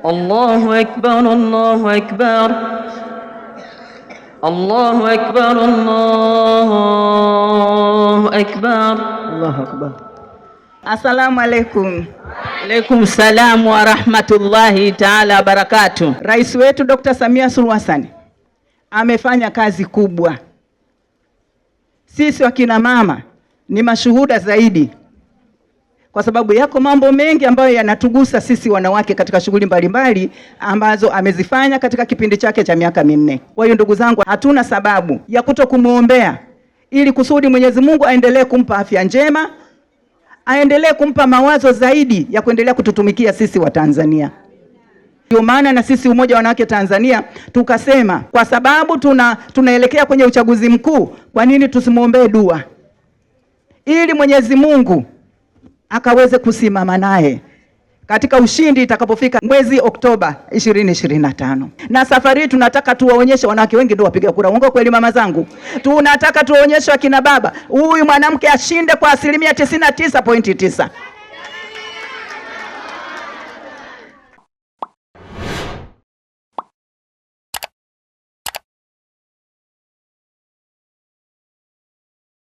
Allahu akbar Allahu akbar Allahu akbar Allahu akbar Allahu akbar. Assalamu alaikum. Alaikum salam wa rahmatullahi taala wa barakatuh. Rais wetu Dr. Samia Suluhu Hassan amefanya kazi kubwa. Sisi wakina mama ni mashuhuda zaidi kwa sababu yako mambo mengi ambayo yanatugusa sisi wanawake katika shughuli mbalimbali ambazo amezifanya katika kipindi chake cha miaka minne. Kwa hiyo ndugu zangu, hatuna sababu ya kuto kumwombea ili kusudi Mwenyezi Mungu aendelee kumpa afya njema, aendelee kumpa mawazo zaidi ya kuendelea kututumikia sisi wa Tanzania. Ndio maana na sisi Umoja wa Wanawake Tanzania tukasema kwa sababu tuna tunaelekea kwenye uchaguzi mkuu, kwa nini tusimwombee dua ili Mwenyezi Mungu akaweze kusimama naye katika ushindi itakapofika mwezi Oktoba 2025. Na safari hii tunataka tuwaonyeshe wanawake wengi ndio wapiga kura. Uongo kweli, mama zangu? Tunataka tuwaonyeshe akina baba, huyu mwanamke ashinde kwa asilimia 99.9.